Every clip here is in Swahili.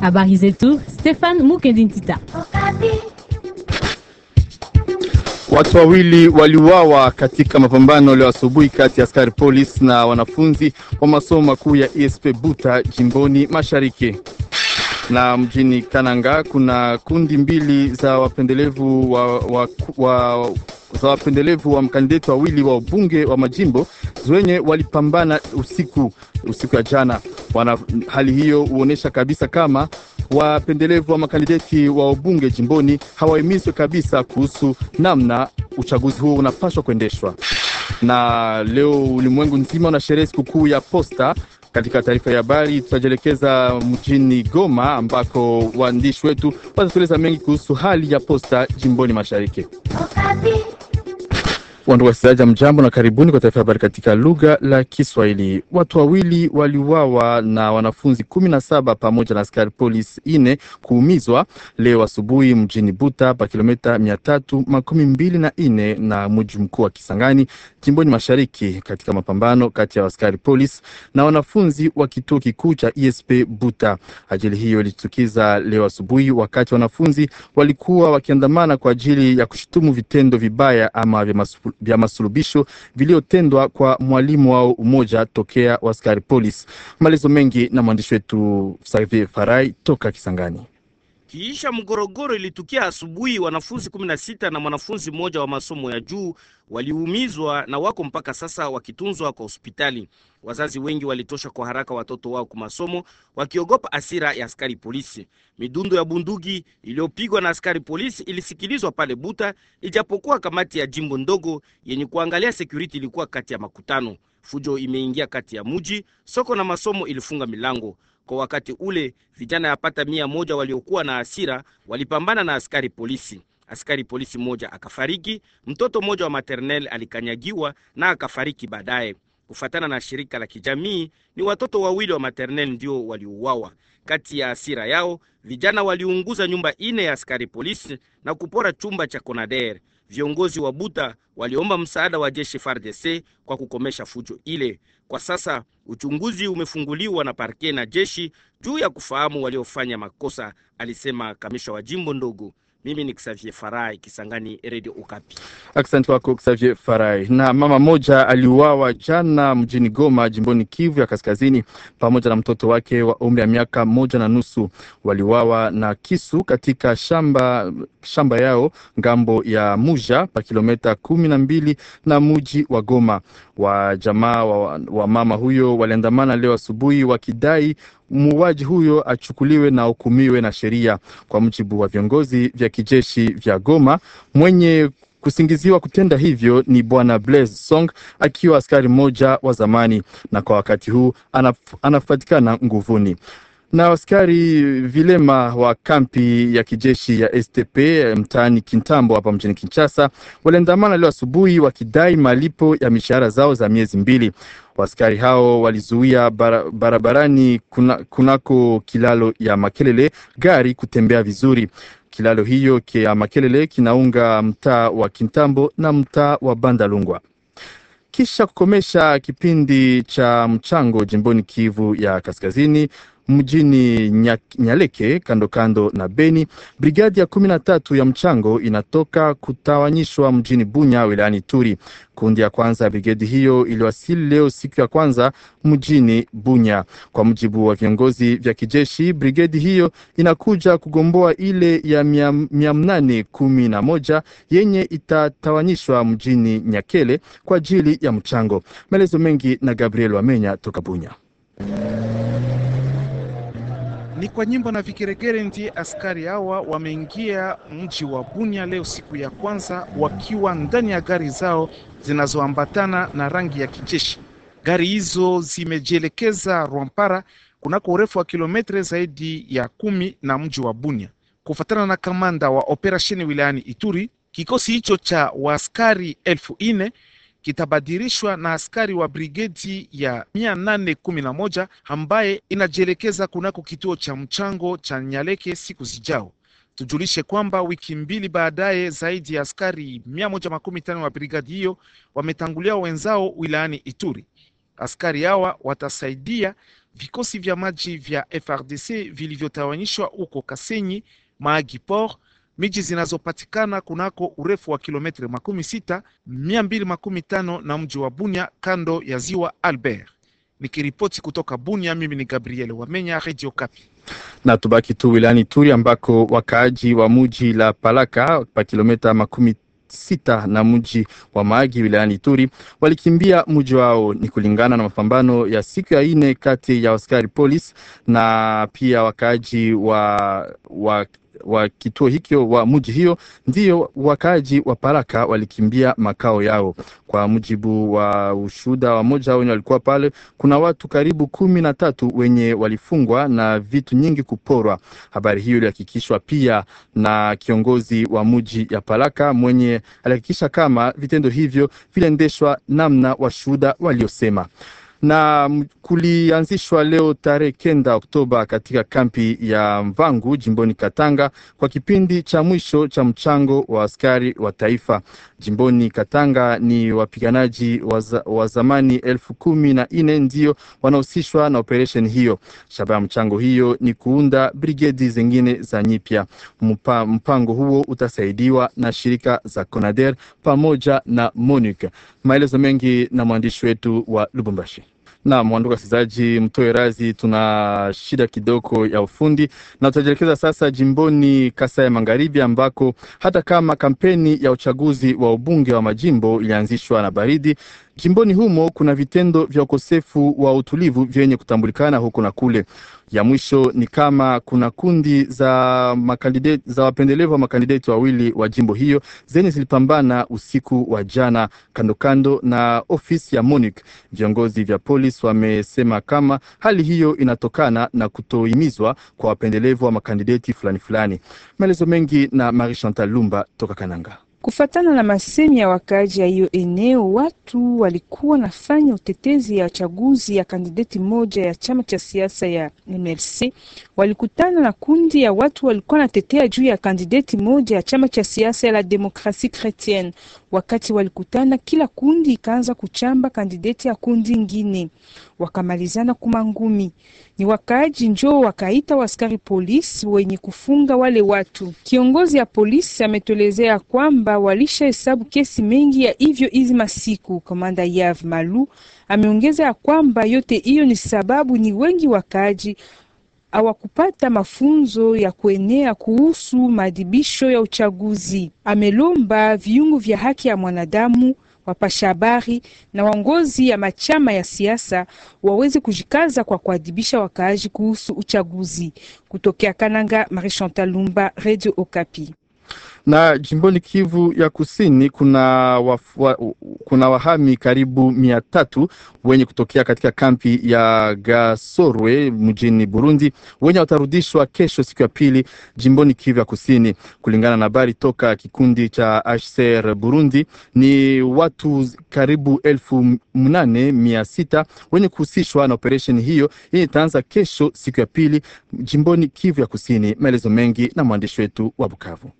Habari zetu Stefan Mukendintita. Watu wawili waliuawa katika mapambano leo asubuhi kati ya askari polisi na wanafunzi wa masomo makuu ya ESP Buta jimboni Mashariki. Na mjini Kananga kuna kundi mbili za wapendelevu wa, wa, wa za wapendelevu wa makandideti wawili wa ubunge wa majimbo wenye walipambana usiku usiku ya jana. Wana hali hiyo huonyesha kabisa kama wapendelevu wa makandideti wa ubunge jimboni hawahimizwe kabisa kuhusu namna uchaguzi huo unapaswa kuendeshwa. Na leo ulimwengu nzima unasherehe sikukuu ya posta. Katika taarifa ya habari tutajielekeza mjini Goma ambako waandishi wetu watatueleza mengi kuhusu hali ya posta jimboni mashariki. Wandu wasikilizaji, mjambo na karibuni kwa taarifa habari katika lugha la Kiswahili. Watu wawili waliuawa na wanafunzi kumi na saba pamoja na askari polisi ine kuumizwa leo asubuhi mjini Buta pa kilomita mia tatu makumi mbili na ine na mji mkuu wa Kisangani jimboni mashariki katika mapambano kati ya askari polisi na wanafunzi wa kituo kikuu cha ISP e Buta. Ajili hiyo ilitukiza leo asubuhi wakati wanafunzi walikuwa wakiandamana kwa ajili ya kushutumu vitendo vibaya ama vya vya masulubisho viliotendwa kwa mwalimu wao umoja tokea waskari polisi. Maelezo mengi na mwandishi wetu Xavier Farai toka Kisangani. Kiisha mgorogoro ilitukia asubuhi, wanafunzi 16 na mwanafunzi mmoja wa masomo ya juu waliumizwa na wako mpaka sasa wakitunzwa kwa hospitali. Wazazi wengi walitosha kwa haraka watoto wao kwa masomo wakiogopa asira ya askari polisi. Midundo ya bunduki iliyopigwa na askari polisi ilisikilizwa pale Buta, ijapokuwa kamati ya jimbo ndogo yenye kuangalia security ilikuwa kati ya makutano. Fujo imeingia kati ya muji, soko na masomo ilifunga milango. Kwa wakati ule vijana yapata mia moja waliokuwa na hasira walipambana na askari polisi. Askari polisi mmoja akafariki, mtoto mmoja wa maternel alikanyagiwa na akafariki baadaye. Kufatana na shirika la kijamii, ni watoto wawili wa maternel ndio waliuawa. Kati ya hasira yao, vijana waliunguza nyumba ine ya askari polisi na kupora chumba cha conader Viongozi wa Buta waliomba msaada wa jeshi FARDC kwa kukomesha fujo ile. Kwa sasa uchunguzi umefunguliwa na Parke na jeshi juu ya kufahamu waliofanya makosa, alisema kamisha wa jimbo ndogo. Mimi ni Xavier Farai, Kisangani, Radio Okapi. Asante wako Xavier Farai. Na mama moja aliuawa jana mjini Goma, jimboni Kivu ya Kaskazini, pamoja na mtoto wake wa umri ya miaka moja na nusu. Waliuawa na kisu katika shamba, shamba yao ngambo ya Muja pa kilomita kumi na mbili na muji wa Goma. Wajamaa wa, wa mama huyo waliandamana leo asubuhi wakidai muuaji huyo achukuliwe na hukumiwe na sheria. Kwa mujibu wa viongozi vya kijeshi vya Goma, mwenye kusingiziwa kutenda hivyo ni bwana Blaise Song akiwa askari mmoja wa zamani, na kwa wakati huu anapatikana nguvuni na askari vilema wa kampi ya kijeshi ya STP eh, mtaani Kintambo hapa mjini Kinshasa waliandamana leo asubuhi wakidai malipo ya mishahara zao za miezi mbili. waskari hao walizuia barabarani kuna, kunako kilalo ya Makelele gari kutembea vizuri. Kilalo hiyo ya Makelele kinaunga mtaa wa Kintambo na mtaa wa Bandalungwa. Kisha kukomesha kipindi cha mchango jimboni Kivu ya Kaskazini, mjini Nyaleke kando kando na Beni. Brigadi ya kumi na tatu ya mchango inatoka kutawanyishwa mjini Bunya wilayani Turi. Kundi ya kwanza ya brigedi hiyo iliwasili leo siku ya kwanza mjini Bunya. Kwa mujibu wa viongozi vya kijeshi, brigedi hiyo inakuja kugomboa ile ya mia, mia mnane kumi na moja yenye itatawanyishwa mjini Nyakele kwa ajili ya mchango. Maelezo mengi na Gabriel Wamenya toka Bunya. Ni kwa nyimbo na vigeregere ndiye askari hawa wameingia mji wa Bunia leo siku ya kwanza, wakiwa ndani ya gari zao zinazoambatana na rangi ya kijeshi. Gari hizo zimejielekeza Rwampara kunako urefu wa kilometre zaidi ya kumi na mji wa Bunia. Kufuatana na kamanda wa operasheni wilayani Ituri, kikosi hicho cha waaskari elfu ine kitabadilishwa na askari wa brigedi ya 811 ambaye inajielekeza kunako kituo cha mchango cha Nyaleke siku zijao. Tujulishe kwamba wiki mbili baadaye zaidi ya askari 115 wa brigadi hiyo wametangulia wenzao wilayani Ituri. Askari hawa watasaidia vikosi vya maji vya FRDC vilivyotawanyishwa huko Kasenyi, Mahagi Port miji zinazopatikana kunako urefu wa kilometri makumi sita mia mbili makumi tano na mji wa Bunia kando ya ziwa Albert. Nikiripoti kutoka Bunia, mimi ni Gabriel Wamenya, Radio Kapi. Na tubaki tu wilayani Turi ambako wakaaji wa muji la Palaka pa kilometa makumi sita na mji wa Maagi wilayani Ituri walikimbia mji wao, ni kulingana na mapambano ya siku ya ine kati ya askari polisi na pia wakaaji wa, wa wa kituo hikyo wa mji hiyo, ndio wakaaji wa Paraka walikimbia makao yao. Kwa mujibu wa ushuda wa moja wenye walikuwa pale, kuna watu karibu kumi na tatu wenye walifungwa na vitu nyingi kuporwa. Habari hiyo ilihakikishwa pia na kiongozi wa mji ya Paraka mwenye alihakikisha kama vitendo hivyo viliendeshwa namna washuda waliosema na kulianzishwa leo tarehe kenda Oktoba katika kampi ya Mvangu jimboni Katanga kwa kipindi cha mwisho cha mchango wa askari wa taifa jimboni Katanga. Ni wapiganaji waza, wa zamani elfu kumi na nne ndio wanahusishwa na operesheni hiyo. Shabaha ya mchango hiyo ni kuunda brigedi zingine za nyipya. Mpa, mpango huo utasaidiwa na shirika za CONADER pamoja na MONUC. Maelezo mengi na mwandishi wetu wa Lubumbashi. Naam, wandugu wasikilizaji, mtoe razi, tuna shida kidogo ya ufundi na tutajielekeza sasa jimboni Kasai ya Magharibi, ambako hata kama kampeni ya uchaguzi wa ubunge wa majimbo ilianzishwa na baridi jimboni humo, kuna vitendo vya ukosefu wa utulivu vyenye kutambulikana huko na kule. Ya mwisho ni kama kuna kundi za makandidati za wapendelevu wa makandideti wawili wa jimbo hiyo zenye zilipambana usiku wa jana kando kando na ofisi ya MONUC. Viongozi vya polisi wamesema kama hali hiyo inatokana na kutohimizwa kwa wapendelevu wa makandideti fulani fulani. Maelezo mengi na Marie Chantal Lumba toka Kananga. Kufatana na masemi ya wakaaji ya hiyo eneo, watu walikuwa nafanya utetezi ya chaguzi ya kandidati moja ya chama cha siasa ya MLC. Walikutana na kundi ya watu walikuwa tetea juu ya kandidati moja ya chama cha siasa ya la demokrasi Kretienne. Wakati walikutana, kila kundi ikaanza kuchamba kandideti ya kundi ingine, wakamalizana kumangumi. Ni wakaaji njoo wakaita waskari polisi wenye kufunga wale watu. Kiongozi ya polisi ametolezea kwamba walisha hesabu kesi mengi ya hivyo hizi masiku. Komanda Yav Malu ameongeza ya kwamba yote hiyo ni sababu ni wengi wakaaji hawakupata mafunzo ya kuenea kuhusu maadhibisho ya uchaguzi. Amelomba viungo vya haki ya mwanadamu wapasha habari na waongozi ya machama ya siasa waweze kujikaza kwa kuadhibisha wakaaji kuhusu uchaguzi. Kutokea Kananga, Marie Chantal Lumba, Radio Okapi. Na jimboni Kivu ya Kusini kuna, wafua, kuna wahami karibu mia tatu wenye kutokea katika kampi ya Gasorwe mjini Burundi wenye watarudishwa kesho siku ya pili jimboni Kivu ya Kusini, kulingana na habari toka kikundi cha HCR Burundi. Ni watu karibu elfu mnane mia sita wenye kuhusishwa na operesheni hiyo yenye itaanza kesho siku ya pili jimboni Kivu ya Kusini. Maelezo mengi na mwandishi wetu wa Bukavu.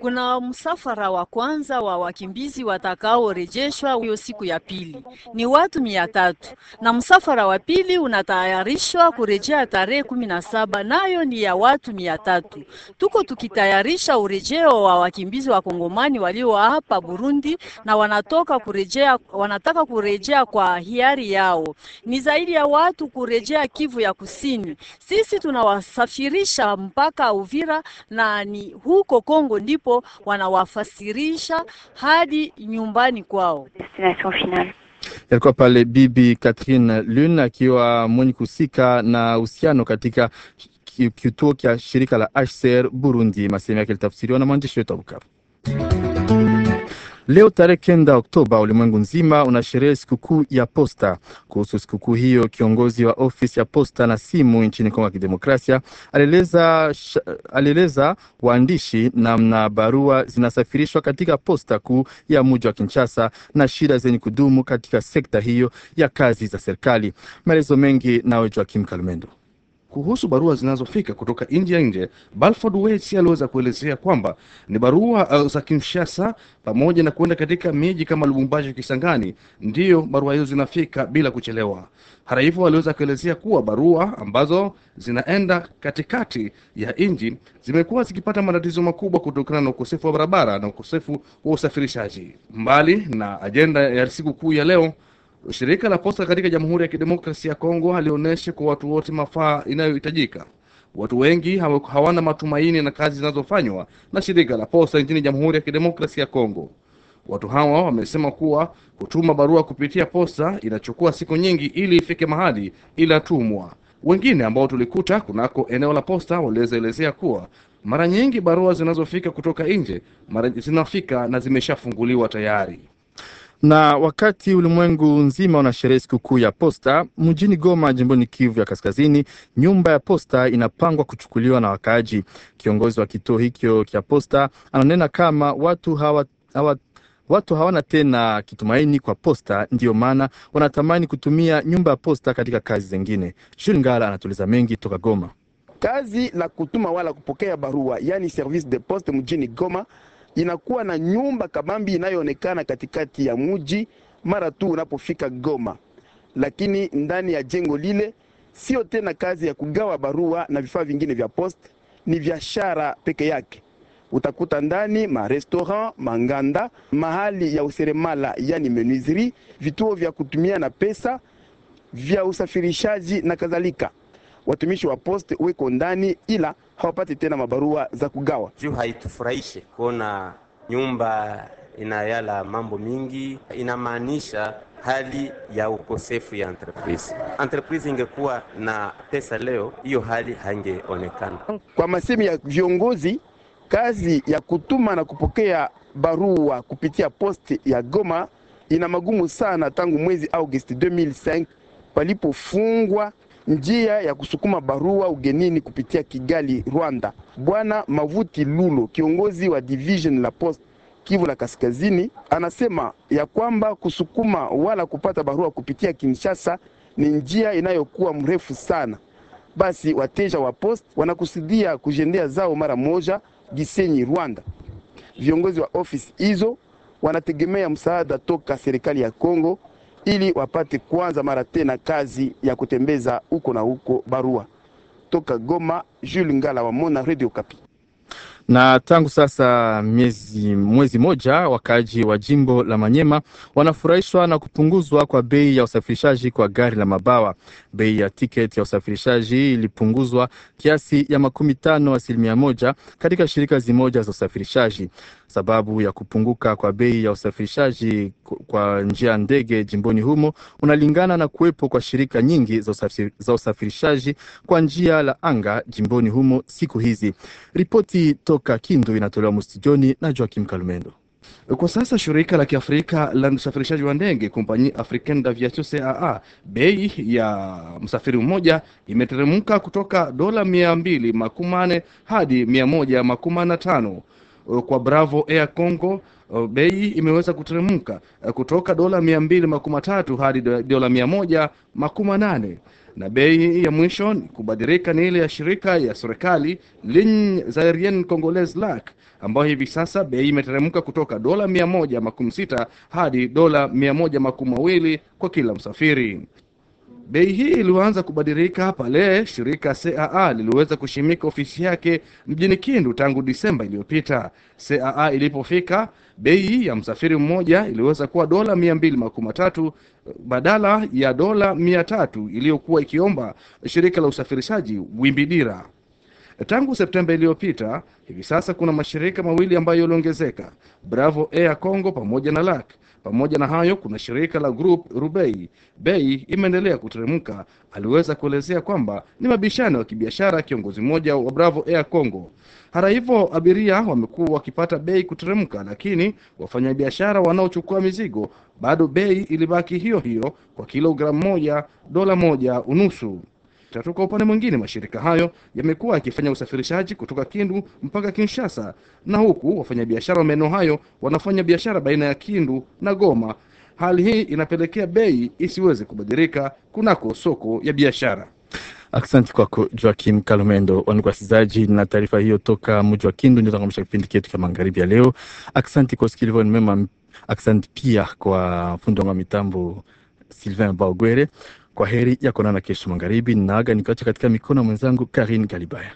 Kuna msafara wa kwanza wa wakimbizi watakaorejeshwa hiyo siku ya pili, ni watu mia tatu, na msafara wa pili unatayarishwa kurejea tarehe kumi na saba, nayo ni ya watu mia tatu. Tuko tukitayarisha urejeo wa wakimbizi wa Kongomani walio hapa Burundi na wanatoka kurejea, wanataka kurejea kwa hiari yao. Ni zaidi ya watu kurejea Kivu ya Kusini. Sisi tunawasafirisha mpaka Uvira mazingira, na ni huko Kongo ndipo wanawafasirisha hadi nyumbani kwao. Destination yalikuwa pale Bibi Catherine Lune akiwa mwenye kuhusika na uhusiano katika kituo cha shirika la HCR Burundi. Masehemu yake litafsiriwa na mwandishi wetu bukavu Leo tarehe kenda Oktoba, ulimwengu nzima unasherehe sikukuu ya posta. Kuhusu sikukuu hiyo, kiongozi wa ofisi ya posta na simu nchini Kongo ya Kidemokrasia alieleza alieleza waandishi namna barua zinasafirishwa katika posta kuu ya mji wa Kinshasa na shida zenye kudumu katika sekta hiyo ya kazi za serikali. Maelezo mengi nawe Joakim Kalmendo. Kuhusu barua zinazofika kutoka nje ya nje, Balford Wesi aliweza kuelezea kwamba ni barua uh, za Kinshasa pamoja na kuenda katika miji kama Lubumbashi, Kisangani, ndiyo barua hizo zinafika bila kuchelewa. Hata hivyo, aliweza kuelezea kuwa barua ambazo zinaenda katikati ya nchi zimekuwa zikipata matatizo makubwa kutokana na ukosefu wa barabara na ukosefu wa usafirishaji. Mbali na ajenda ya siku kuu ya leo Shirika la posta katika Jamhuri ya Kidemokrasia ya Kongo halionyeshe kwa watu wote mafaa inayohitajika. Watu wengi hawana matumaini na kazi zinazofanywa na shirika la posta nchini Jamhuri ya Kidemokrasia ya Kongo. Watu hawa wamesema kuwa kutuma barua kupitia posta inachukua siku nyingi ili ifike mahali inatumwa. Wengine ambao tulikuta kunako eneo la posta walielezea kuwa mara nyingi barua zinazofika kutoka nje mara zinafika na zimeshafunguliwa tayari. Na wakati ulimwengu nzima unasherehe sikukuu ya posta, mjini Goma, jimboni Kivu ya Kaskazini, nyumba ya posta inapangwa kuchukuliwa na wakaaji. Kiongozi wa kituo hicho cha posta ananena kama watu hawa, hawa watu hawana tena kitumaini kwa posta, ndiyo maana wanatamani kutumia nyumba ya posta katika kazi zingine. Shuri Ngala anatuliza mengi toka Goma. Kazi la kutuma wala kupokea barua, yani service de poste mjini Goma inakuwa na nyumba kabambi inayoonekana katikati ya muji mara tu unapofika Goma, lakini ndani ya jengo lile sio tena kazi ya kugawa barua na vifaa vingine vya post, ni biashara peke yake. Utakuta ndani ma restaurant, manganda, mahali ya useremala, yani menuiserie, vituo vya kutumia na pesa vya usafirishaji na kadhalika watumishi wa poste weko ndani, ila hawapati tena mabarua za kugawa. Juu haitufurahishe kuona nyumba inayala mambo mingi, inamaanisha hali ya ukosefu ya entreprise. Entreprise ingekuwa na pesa leo, hiyo hali haingeonekana. Kwa masemi ya viongozi, kazi ya kutuma na kupokea barua kupitia posti ya Goma ina magumu sana tangu mwezi August 2005 palipofungwa njia ya kusukuma barua ugenini kupitia Kigali, Rwanda. Bwana Mavuti Lulo, kiongozi wa division la post Kivu la Kaskazini, anasema ya kwamba kusukuma wala kupata barua kupitia Kinshasa ni njia inayokuwa mrefu sana. Basi wateja wa post wanakusudia kujendea zao mara moja Gisenyi, Rwanda. Viongozi wa ofisi hizo wanategemea msaada toka serikali ya Kongo ili wapate kwanza mara tena kazi ya kutembeza huko na huko barua. Toka Goma, Jules Ngala wa Mona, Radio Kapi. Na tangu sasa miezi, mwezi moja wakaaji wa jimbo la Manyema wanafurahishwa na kupunguzwa kwa bei ya usafirishaji kwa gari la mabawa. Bei ya tiketi ya usafirishaji ilipunguzwa kiasi ya makumi tano asilimia moja katika shirika zimoja za usafirishaji. Sababu ya kupunguka kwa bei ya usafirishaji kwa njia ya ndege jimboni humo unalingana na kuwepo kwa shirika nyingi za usafirishaji kwa njia la anga jimboni humo siku hizi. Ripoti to kutoka Kindu inatolewa msitijoni na Joakim Kalumendo. Kwa sasa shirika la kiafrika la usafirishaji wa ndege Compagnie Africaine d'Aviation CAA, bei ya msafiri mmoja imeteremka kutoka dola mia mbili makumane hadi mia moja makumane na tano. Kwa Bravo Air Congo bei imeweza kuteremka kutoka dola mia mbili makumi hadi dola mia moja makumi manane na bei ya mwisho kubadilika ni ile ya shirika ya serikali lin zairien congolese LAC ambayo hivi sasa bei imeteremka kutoka dola 116 hadi dola mia moja makumi mawili kwa kila msafiri. Bei hii ilianza kubadilika pale shirika CAA liliweza kushimika ofisi yake mjini Kindu tangu Disemba iliyopita. CAA ilipofika, bei ya msafiri mmoja iliweza kuwa dola mia mbili makumi matatu badala ya dola mia tatu iliyokuwa ikiomba shirika la usafirishaji Wimbidira tangu Septemba iliyopita. Hivi sasa kuna mashirika mawili ambayo yaliongezeka, Bravo Air Congo pamoja na LAC. Pamoja na hayo, kuna shirika la Group Rubei, bei imeendelea kuteremka. Aliweza kuelezea kwamba ni mabishano ya kibiashara kiongozi mmoja wa Bravo Air Congo. Hata hivyo, abiria wamekuwa wakipata bei kuteremka, lakini wafanyabiashara wanaochukua mizigo bado bei ilibaki hiyo hiyo kwa kilogramu moja dola moja unusu. Tatu, kwa upande mwingine, mashirika hayo yamekuwa yakifanya usafirishaji kutoka Kindu mpaka Kinshasa, na huku wafanyabiashara wa maeneo hayo wanafanya biashara baina ya Kindu na Goma. Hali hii inapelekea bei isiweze kubadilika kunako soko ya biashara. Asante kwako Joakim Kalumendo. Wandugu wasikilizaji, na taarifa hiyo toka mji wa Kindu ndio tunakamilisha kipindi ketu cha magharibi ya leo. Asante kwa usikilivu mwema. Asante pia kwa fundi wangu wa mitambo Sylvain Baogwere. Kwa heri ya kuonana kesho magharibi, naaga nikiacha katika mikono ya mwenzangu Karin Galibaya.